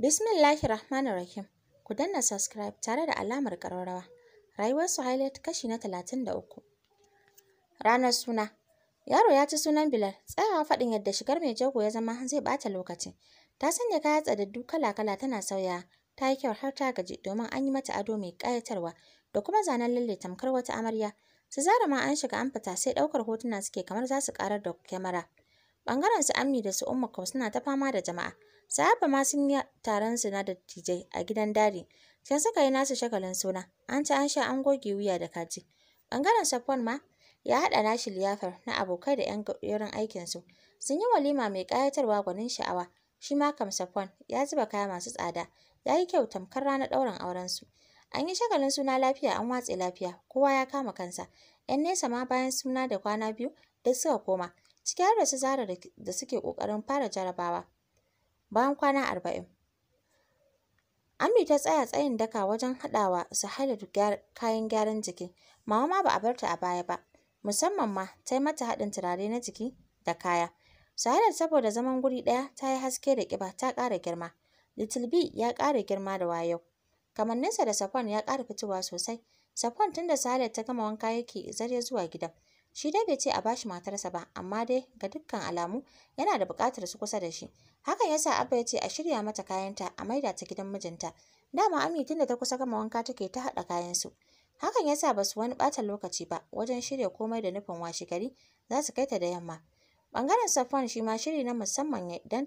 Bismillahi Rahmanir Rahim. Ku danna subscribe tare da alamar ƙararrawa. Rayuwar Suhailat kashi na talatin da uku. Ranar suna. Yaro ya ci sunan Bilal, tsayawa faɗin yadda shigar mai jago ya zama zai bata lokaci. Ta sanya kaya tsadaddu kala-kala tana sauya, ta yi kyau har ta gaji domin an yi mata ado mai ƙayatarwa da kuma zanen lalle tamkar wata amarya. Su zara ma an shiga an fita sai ɗaukar hotuna suke kamar za su ƙarar da kyamara. Bangaren su Amni da su Umma kau suna ta fama da jama'a. Sahaba ma sun yi taron su na dattijai a gidan dari Can suka yi nasu shagalin suna. An ci an sha an goge wuya da kaji. Bangaren Safwan ma ya haɗa nashi liyafar na abokai da 'yan aikin aikinsu. Sun yi walima mai ƙayatarwa gwanin sha'awa. Shi ma kam Safwan ya zuba kaya masu tsada. Ya yi kyau tamkar ranar ɗaurin aurensu. An yi shagalin suna lafiya an watse lafiya. Kowa ya kama kansa. ‘Yan nesa ma bayan suna da kwana biyu duk suka koma. ciki har da su Zara da suke ƙoƙarin fara jarabawa bayan kwana arba'in. Ami ta tsaya tsayin daka wajen haɗawa su haɗa kayan gyaran jiki. Mama ma ba a bar ta a baya ba, musamman ma ta yi mata haɗin turare na jiki da kaya. Sahara saboda zaman guri ɗaya ta yi haske da ƙiba ta ƙara girma. Little B ya ƙara girma da wayo. Kamanninsa da Safon ya ƙara fitowa sosai. Safon tun da Sahara ta gama wanka yake zarya zuwa gidan. Shi dai bai ce a bashi matarsa ba, amma dai ga dukkan alamu yana da buƙatar su kusa da shi. Hakan ya sa Abba ya ce a shirya mata kayanta a maida ta gidan mijinta. Dama Ami tun da ta kusa gama wanka take ta haɗa kayansu. Hakan ya sa ba su wani ɓata lokaci ba wajen shirya komai da nufin washe gari za su kai ta da yamma. Ɓangaren Safwan shi ma shiri na musamman ya don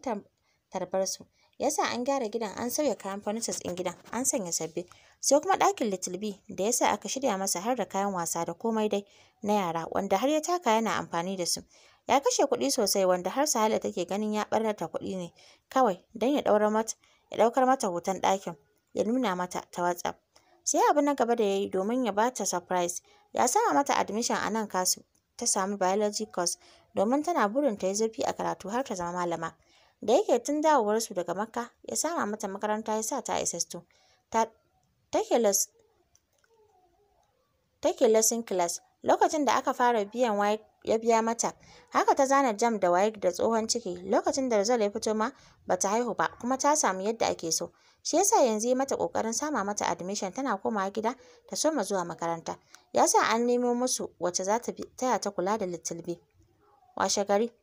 tarbar su. yasa an gyara gidan an sauya kayan furnitures ɗin gidan an sanya sabbi sai kuma ɗakin little b da yasa aka shirya masa har da kayan wasa da komai dai na yara wanda har ya taka yana amfani da su ya kashe kuɗi sosai wanda har sahala take ganin ya ɓarnata kuɗi ne kawai don ya ɗaura mata ya ɗaukar mata hoton ɗakin ya nuna mata ta whatsapp sai abu na gaba da ya yi domin ya ba ta surprise ya sama mata admission a nan kasu ta samu biology course domin tana burin ta yi zurfi a karatu har ta zama malama da yake tun dawowarsu daga makka ya sama mata makaranta ya sa ta isastu ta take lesson class lokacin da aka fara biyan waye ya biya mata haka ta zana jam da waye da tsohon ciki lokacin da Rizal ya fito ma ba ta haihu ba kuma ta samu yadda ake so shi yasa yanzu yi mata kokarin sama mata admission tana komawa gida ta soma zuwa makaranta ya sa an nemo musu wacce za ta taya ta kula da little washe gari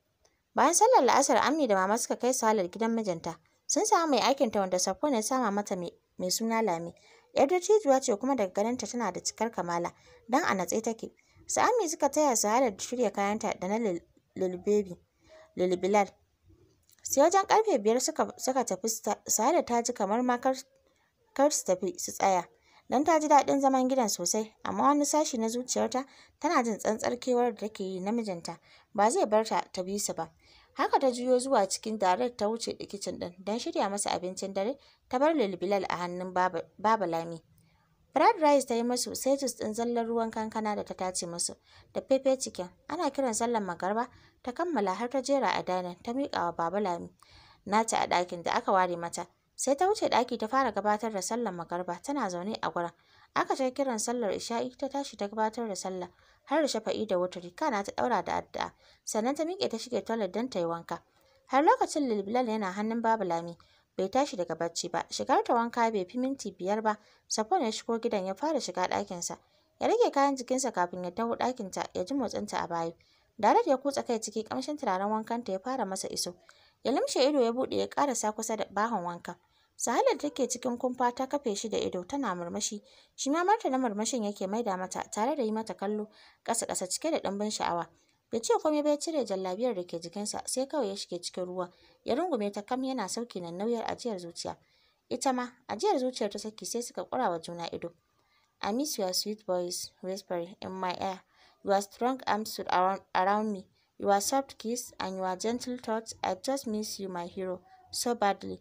Bayan sallar la'asar Ami da mama suka kai salar gidan mijinta. Sun samu mai aikinta wanda Safwan ya sama mata mai suna Lami. Yar dattijuwa ce kuma daga ganinta tana da cikar kamala, dan a natse take. Su ami suka taya Sahalar da shirya kayanta da na lulbebi, lulbilal. Sai wajen karfe biyar suka tafi su halar ta ji kamar ma kar su tafi su tsaya. dan ta ji daɗin zaman gidan sosai, amma wani sashi na zuciyarta tana jin tsantsar kewar da take yi na mijinta, ba zai bar ta ta bi su ba. Haka ta juyo zuwa cikin darar ta wuce da kicin ɗin don shirya masa abincin dare ta bar Bilal a hannun Baba Lami. brad rice ta yi masu sai jus ɗin zallar ruwan kankana da ta tace masu da pepe cikin ana kiran sallar magarba ta kammala har ta jera a danin ta miƙa wa Baba Lami nata a ɗakin da aka ware mata. Sai ta wuce ɗaki ta fara gabatar da sallar magarba tana zaune a gurin. Aka je kiran sallar isha'i ta tashi ta gabatar da sallar. har da shafa'i da wuturi na ta daura da addu'a sannan ta miƙe ta shige toilet don ta yi wanka har lokacin lilbilal yana hannun babu lami bai tashi daga bacci ba shigar ta wanka bai fi minti biyar ba safon ya shigo gidan ya fara shiga ɗakinsa ya rage kayan jikinsa kafin ya taho ɗakinta ya ji motsinta a baya Darat ya kutsa kai ciki kamshin turaren ta ya fara masa iso. Ya limshe ido ya buɗe ya karasa kusa da bahon wankan. Sahalar da take cikin kumfa ta kafe shi da ido tana murmushi, shi ma marta na murmushin yake maida mata tare da yi mata kallo kasa ƙasa cike da ɗimbin sha'awa. Bai ce komai bai cire jallabiyar da ke jikinsa sai kawai ya shige cikin ruwa, ya rungume ta kam yana sauki nan nauyar ajiyar zuciya. Ita ma ajiyar zuciyar ta saki sai suka ƙura wa juna ido. I miss your sweet voice whispering in my ear, you are strong arms around, me you are soft kiss and you are gentle touch. I just miss you, my hero, so badly.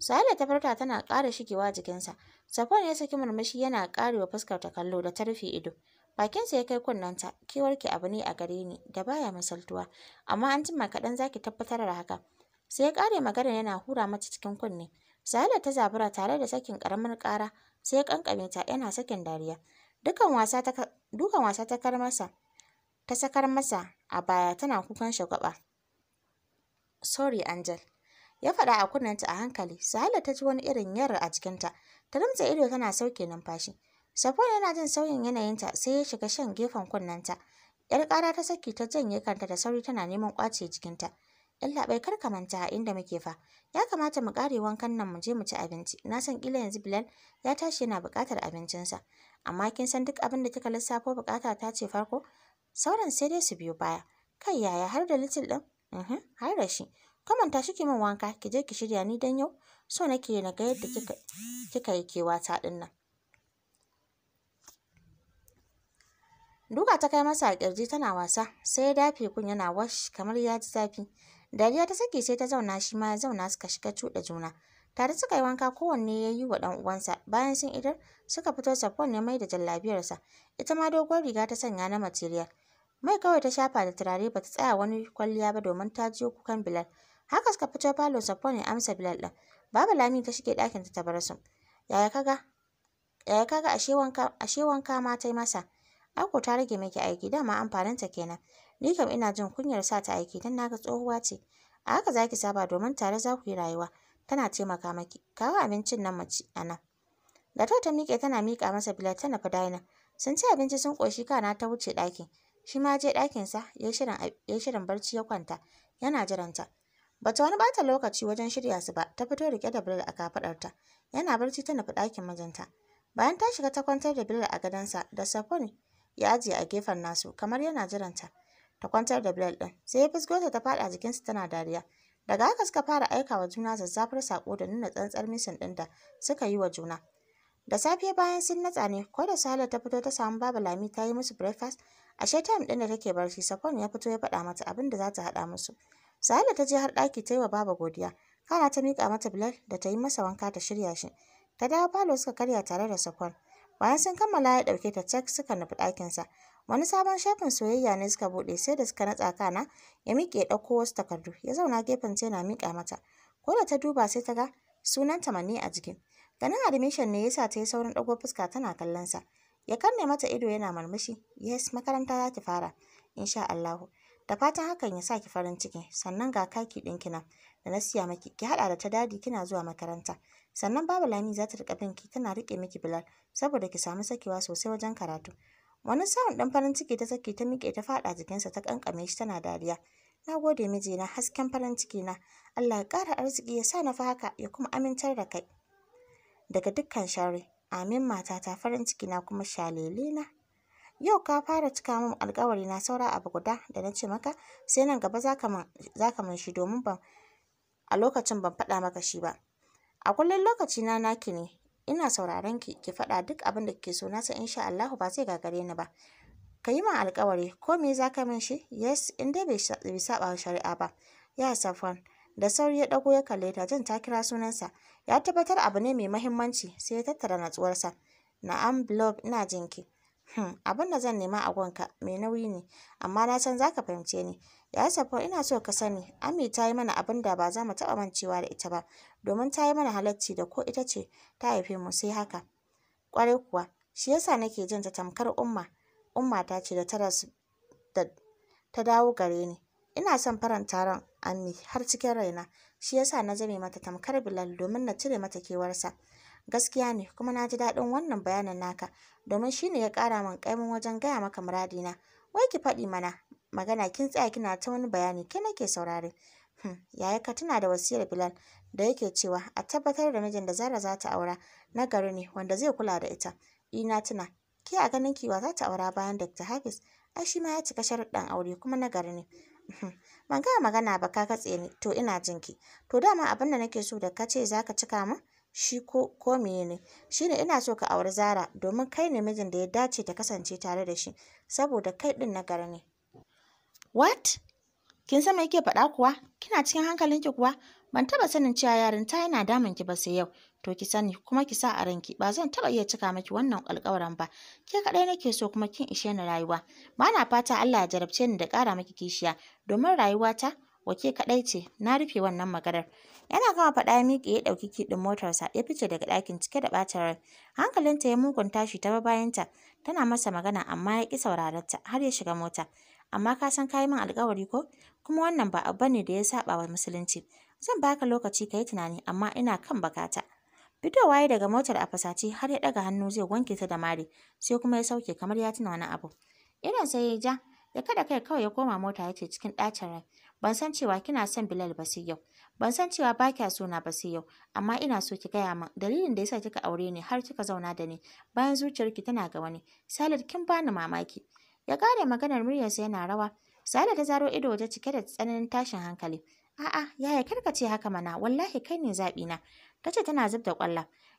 Sa'ila ta farta tana ƙara shigewa jikinsa. Safwan ya saki murmushi yana ƙarewa fuskar ta kallo da ta rufe ido. Bakinsa ya kai kunnanta, kewarki abu ne a gare ni da baya misaltuwa, amma an jima kaɗan zaki tabbatar da haka. Sai ya ƙare magana yana hura mata cikin kunne. Sa'ila ta zabura tare da sakin ƙaramin ƙara, sai ya ƙanƙame ta yana sakin dariya. Dukan wasa ta dukan wasa ta kar Ta sakar masa a baya tana kukan shagwaba. Sorry Angel. ya faɗa a kunnenta a hankali Sahala ta ji wani irin yar a jikinta ta rumtse ido tana sauke numfashi Safwan yana jin sauyin yanayinta sai ya shiga shan gefen kunnenta yar ƙara ta saki ta janye kanta da sauri tana neman ƙwace jikinta illa bai kar manta a inda muke fa ya kamata mu kare wankan nan mu je mu ci abinci na san kila yanzu Bilal ya tashi yana buƙatar abincinsa amma kin san duk abin da kika lissafo buƙata ta ce farko sauran sai dai su biyo baya kai yaya har da little din uhm, har da shi Kaman tashi ki min wanka ki je ki shirya ni dan yau so nake na ga yadda kika kika yi kewata din nan. Duka ta kai masa a ƙirji tana wasa sai ya dafe kun yana wash kamar ya ji zafi. Dariya ta sake sai ta zauna shi ma ya zauna suka shiga cuɗa juna. Tare suka yi wanka kowanne ya yi wa ɗan uwansa bayan sun idar suka fito ne ya jallabiyar jallabiyarsa ita ma dogon riga ta sanya na material. Mai kawai ta shafa da turare ba ta tsaya wani kwalliya ba domin ta jiyo kukan Bilal. Haka suka fito falo Saffron ya amsa Bilal ɗin. Baba Lami ta shige ɗakin ta bar su. Yaya kaga? Yaya kaga ashe wanka ashe wanka ma tai masa. Ako ta rage miki aiki dama amfanin ta kenan. Ni kam ina jin kunyar sa ta aiki dan naga tsohuwa ce. A haka zaki saba domin tare za ku yi rayuwa. Tana taimaka maki. Kawo abincin nan mace ana. Da ta miƙe tana miƙa masa Bilal tana nufi daina. Sun ci abinci sun koshi kana ta wuce ɗakin. Shi ma je ɗakinsa ya shirin ya shirin barci ya kwanta. Yana jiranta. Bata wani bata lokaci wajen shirya su ba, ta fito rike da Bilal a kafadarta. Yana barci ta nufi ɗakin mijinta. Bayan ta shiga ta kwantar da Bilal a gadonsa da Safon ya ajiye a gefen nasu kamar yana jiranta. Ta kwantar da Bilal ɗin, sai ya fisgo ta ta faɗa jikinsa tana dariya. Daga haka suka fara aika wa juna zazzafar sako da nuna tsantsar misin ɗin da suka yi wa juna. Da safe bayan sun natsa ne, ko da Sale ta fito ta samu babu Lami ta yi musu breakfast, ashe time ɗin da take barci Safon ya fito ya faɗa mata abin da za ta haɗa musu. Sa'ila ta je har ɗaki ta yi wa baba godiya. Kana ta miƙa mata Bilal da ta yi masa wanka ta shirya shi. Ta dawo falo suka karya tare da sakon. Bayan sun kammala ya ɗauke ta cek suka nufi ɗakinsa. Wani sabon shafin soyayya ne suka buɗe sai da suka natsa kana ya miƙe ya ɗauko wasu takardu ya zauna gefen sai na miƙa mata. Ko da ta duba sai ta ga sunanta manne a jikin. Ganin admission ne yasa ta yi saurin ɗago fuska tana sa Ya kanne mata ido yana murmushi. Yes, makaranta za ki fara. Insha Allahu. Da fatan hakan ya sa ki farin ciki, sannan ga kaki ɗinki kina. da na siya maki, ki haɗa da ta dadi kina zuwa makaranta. Sannan babu Lami za ta riƙa bin ki tana riƙe miki Bilal saboda ki samu sakewa sosai wajen karatu. Wani sa'un ɗan farin ciki ta saki ta miƙe ta faɗa jikinsa ta ƙanƙame shi tana dariya. Na gode mijina hasken farin ciki na. Allah ya ƙara arziki ya sa na fa haka ya kuma amintar da kai. Daga dukkan share. amin matata farin ciki na kuma shalele na. Yau ka fara cika min alkawari na saura abu guda da na ce maka sai nan gaba za ka man shi domin ban a lokacin ban faɗa maka shi ba. A kullum lokaci na naki ne ina sauraron ki ki faɗa duk abin da kike so na san insha Allahu ba zai gagare ni ba. Ka yi min alkawari ko me za ka min shi? Yes in dai bai saba shari'a ba. Ya Safwan da sauri ya ɗago ya kalle ta jin ta kira sunansa ya tabbatar abu ne mai mahimmanci sai ya tattara natsuwarsa. Na'am Blob ina jinki. Hmm, abin da zan nema a gonka mai nauyi ne, amma na san za ka fahimce ni. Ya safo ina so ka sani, Ami ta yi mana abin da ba za mu taɓa mancewa da ita ba, domin ta yi mana halacci da ko ita ce ta haife mu sai haka. kwarai kuwa, shi yasa nake jin ta tamkar umma, umma ta ce da ta su da ta dawo gare ni. Ina son faranta ran Ami har cikin raina, shi yasa na zame mata tamkar Bilal domin na cire mata kewarsa. Gaskiya ne, kuma na ji daɗin wannan bayanin naka. domin shi ne ya ƙara min ƙaimin wajen gaya maka muradina. Wai ki faɗi mana magana kin tsaya kina ta wani bayani ke nake saurare. Hmm, yaya ka tuna da wasiyar Bilal da yake cewa a tabbatar da mijin da Zara za ta aura na gari ne wanda zai kula da ita. Ina tuna, ke a ganin kiwa za ta aura bayan Dr. Hafiz, ai shi ma ya cika sharuɗan aure kuma na gari ne. Hmm, ban gaya magana ba ka katse ni, to ina jin ki. To dama abin da nake so da ka ce za ka cika min? shi ko ko menene shine ina so ka auri Zara domin kai ne mijin da ya dace ta kasance tare da shi saboda kai din na gari ne what kin san me yake faɗa kuwa kina cikin hankalin ki kuwa ban taba sanin cewa yarinta yana damun ki ba sai yau to ki sani kuma ki sa a ranki ba zan taba iya cika maki wannan alƙawarin ba ke kadai nake so kuma kin ishe ni rayuwa ba na fata Allah ya jarabce ni da ƙara maki kishiya domin rayuwata wake kaɗai ce na rufe wannan maganar yana kama faɗa ya miƙe ya ɗauki kiɗin motarsa ya fice daga ɗakin cike da ɓacin rai hankalinta ya mugun tashi ta bayanta tana masa magana amma ya ƙi saurararta har ya shiga mota amma ka san kayi min alƙawari ko kuma wannan ba abu ne da ya saɓa wa musulunci zan baka lokaci ka yi tunani amma ina kan bakata fitowa ya daga motar a fasace har ya ɗaga hannu zai wanke ta da mare sai kuma ya sauke kamar ya tuna wani abu irin sai ya ja ya kada kai kawai ya koma mota ya ce cikin ɗacin rai Ban san cewa kina son Bilal ba sai yau. Ban san cewa ba kya so na ba sai yau, amma ina so ki gaya min dalilin da yasa kika aure ni har kika zauna da ni bayan zuciyarki tana ga wani. Salad kin bani mamaki. Ya kare maganar muryarsa yana rawa. Salad ta zaro ido waje cike da tsananin tashin hankali. A'a, yaya karka ce haka mana, wallahi kai ne zaɓi na. Tace tana zub da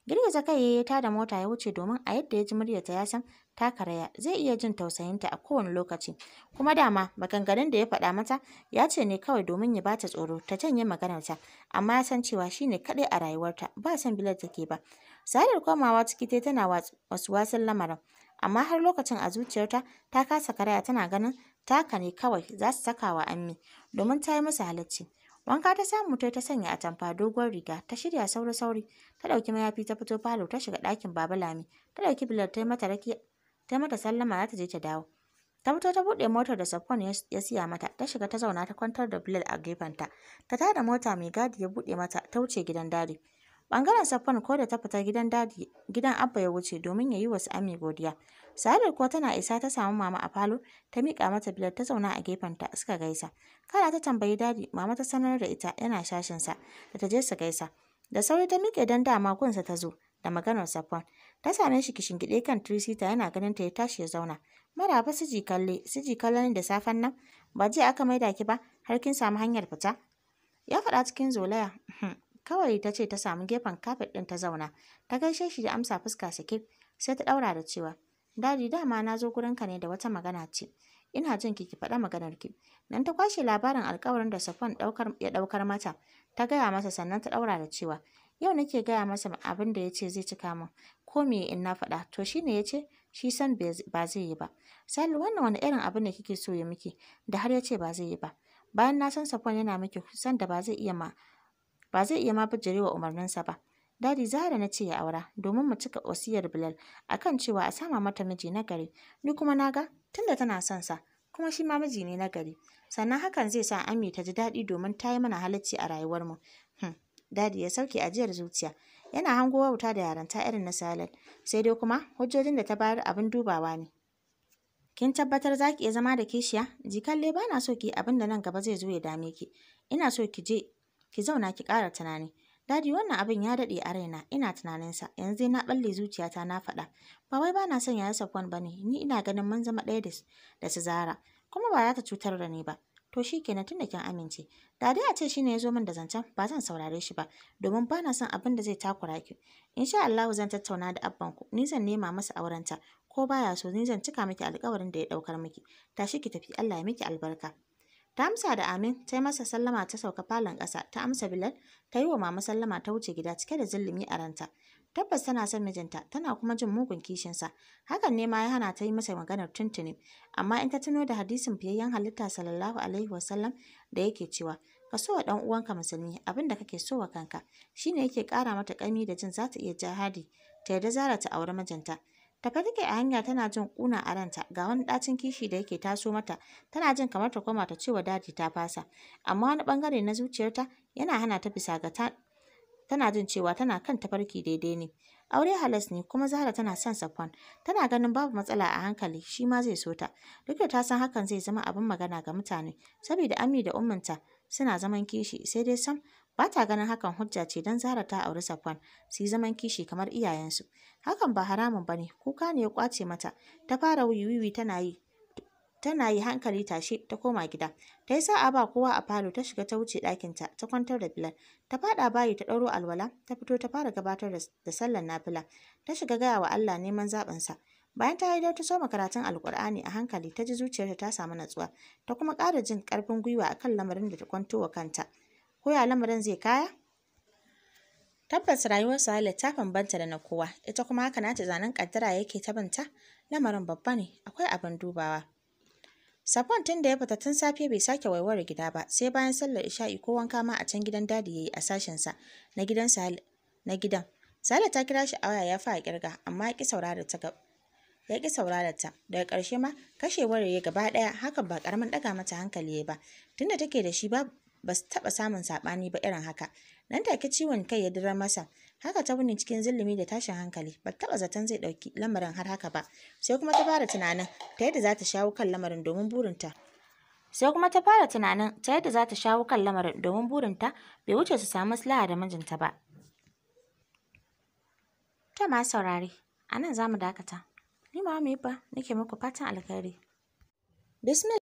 Girgiza kai ya yi tada mota ya wuce domin a yadda ya ji muryarta ya san ta karaya zai iya jin tausayinta a kowane lokaci. Kuma dama maganganun da ya faɗa mata ya ce ne kawai domin ya bata tsoro ta janye maganarta amma ya san cewa shi ne kaɗai a rayuwarta ba san Bilal take ba. Sadar komawa ciki tai tana wasu wasan lamarin amma har lokacin a zuciyarta ta kasa karaya tana ganin taka ne kawai za su saka wa Ammi domin ta yi musu halacci. Wanka ta samu tai ta sanya atamfa doguwar riga, ta shirya sauri-sauri, ta ɗauki mayafi ta fito falo ta shiga ɗakin Baba Lami, ta ɗauki bilar ta mata mata sallama za ta je ta dawo. Ta fito ta buɗe motar da Safwan ya siya mata, ta shiga ta zauna ta kwantar da Bilal a gefenta. Ta tada mota mai gadi ya buɗe mata, ta wuce gidan dare. Ɓangaren Saffan ko da ta fita gidan dadi gidan Abba ya wuce domin ya yi wasu Ami godiya. Sa'adar kuwa tana isa ta samu mama a falo ta miƙa mata bilar ta zauna a gefenta suka gaisa. Kana ta tambayi dadi mama ta sanar da ita yana sa da ta je su gaisa. Da sauri ta miƙe don dama kunsa ta zo da maganar Saffan. Ta same shi kishingiɗe kan tirisita yana ganin ta ya tashi ya zauna. Maraba siji kalle, siji kalle da safen nan. Ba jiya aka maida ki ba har kin samu hanyar fita. Ya faɗa cikin zolaya. Uhm, kawai ta ce ta samu gefen kafet ɗin ta zauna ta gaishe shi da amsa fuska siket sai ta ɗaura da cewa dadi dama na zo ka ne da wata magana ce ina jin ki ki faɗa maganar ki nan ta kwashe labarin alkawarin da safon ya ɗaukar mata ta gaya masa sannan ta ɗaura da cewa yau nake gaya masa abin da ya ce zai cika min ko me in na faɗa to shi ne ya ce shi san ba zai yi ba Sali wannan wani irin abin da kike so ya miki da har ya ce ba zai yi ba bayan na san safon yana miki san da ba zai iya ma ba zai iya ma bijirewa umarninsa ba. Dadi zara na ce ya aura domin mu cika wasiyar Bilal akan cewa a sama mata miji na gari. Ni kuma na ga tunda tana son sa kuma shi ma miji ne na gari. Sannan hakan zai sa Ami ta ji daɗi domin ta yi mana halacci a rayuwarmu. Hmm. Dadi ya sauke ajiyar zuciya. Yana hango wuta da yaranta irin na Salad. Sai dai kuma hujjojin da ta bayar abin dubawa ne. Kin tabbatar za ki iya zama da kishiya? Jikalle ba na so ki abin da nan gaba zai zo ya dame ki. Ina so ki je ki zauna ki ƙara tunani. Dadi wannan abin ya daɗe a raina ina tunaninsa yanzu na ɓalle zuciyata na faɗa. Ba wai ba na son ya Safwan ba ne ni ina ganin mun zama ɗaya da su Zara kuma ba za ta cutar da ni ba. To shi kenan tun da kin amince. Da a ce shi ne ya zo min da zancen ba zan saurare shi ba domin ba na son abin da zai takura ki. Insha Allahu zan tattauna da abbanku ni zan nema masa aurenta ko baya so ni zan cika miki alƙawarin da ya ɗaukar miki. Tashi ki tafi Allah ya miki albarka. Ta amsa da amin, ta yi masa sallama ta sauka falon ƙasa, ta amsa Bilal, ta yi wa mama sallama ta wuce gida cike da zulumi a ranta. Tabbas tana son mijinta, tana kuma jin mugun kishinsa. Hakan ne ma ya hana ta yi masa maganar tuntuni. Amma in ta tuno da hadisin fiyayyen halitta sallallahu alaihi wasallam da yake cewa, ka so wa ɗan uwanka musulmi abin da kake so wa kanka, shine yake ƙara mata ƙami da jin za ta iya jihadi, ta yarda Zara ta auri mijinta. Tafe take a hanya tana jin kuna a ranta ga wani ɗacin kishi da yake taso mata tana jin kamar ta koma ta cewa daji ta fasa amma wani bangare na zuciyarta yana hana ta bisa ga ta tana jin cewa tana kan tafarki daidai ne. Aure halas ne kuma Zahra tana son Safwan. Tana ganin babu matsala a hankali shi ma zai so ta. Duk da ta san hakan zai zama abin magana ga mutane saboda Ami da umminta suna zaman kishi sai dai sam Ba ta ganin hakan hujja ce don Zara ta auri Safwan su zaman kishi kamar iyayensu. Hakan ba haramun ba ne, kuka ne ya kwace mata, ta fara wiwi tana yi. yi hankali tashe ta koma gida. Ta yi sa'a ba kowa a falo ta shiga ta wuce ɗakinta ta kwantar da Bilal. Ta faɗa bayi ta ɗauro alwala ta fito ta fara gabatar da sallar nafila. Ta shiga gaya wa Allah neman zaɓinsa. Bayan ta yi haidar ta soma karatun alkur'ani a hankali ta ji zuciyarta ta samu natsuwa, ta kuma ƙara jin ƙarfin gwiwa a kan lamarin da ta kwanto wa kanta. ko ya lamarin zai kaya? Tabbas rayuwar Suhaila ta bambanta da na kowa, ita kuma haka nata zanen kaddara yake ta banta, lamarin babba ne, akwai abin dubawa. Safon tun da ya fita tun safe bai sake waiware gida ba, sai bayan sallar isha'i ko wanka ma a can gidan dadi yayi a sashensa na gidan sale na gidan. Sahal ta kira shi a waya ya fara kirga, amma ya ki saurara ta ya ki saurara ta. Daga ƙarshe ma kashewar ya gaba ɗaya hakan ba karamin ɗaga mata hankali ba, tunda take da shi ba. ba su taɓa samun saɓani ba irin haka. Nan take ciwon kai ya dirar masa. Haka ta wuni cikin zulumi da tashin hankali, ba taɓa zaton zai ɗauki lamarin har haka ba. Sai kuma ta fara tunanin ta yadda za ta shawo kan lamarin domin burinta. Sai kuma ta fara tunanin ta yadda za ta shawo kan lamarin domin burinta bai wuce su samu maslaha da mijinta ba. Ta ma saurare, a nan za mu dakata. Ni ma mu yi ba, nake muku fatan alkhairi. Bismillah.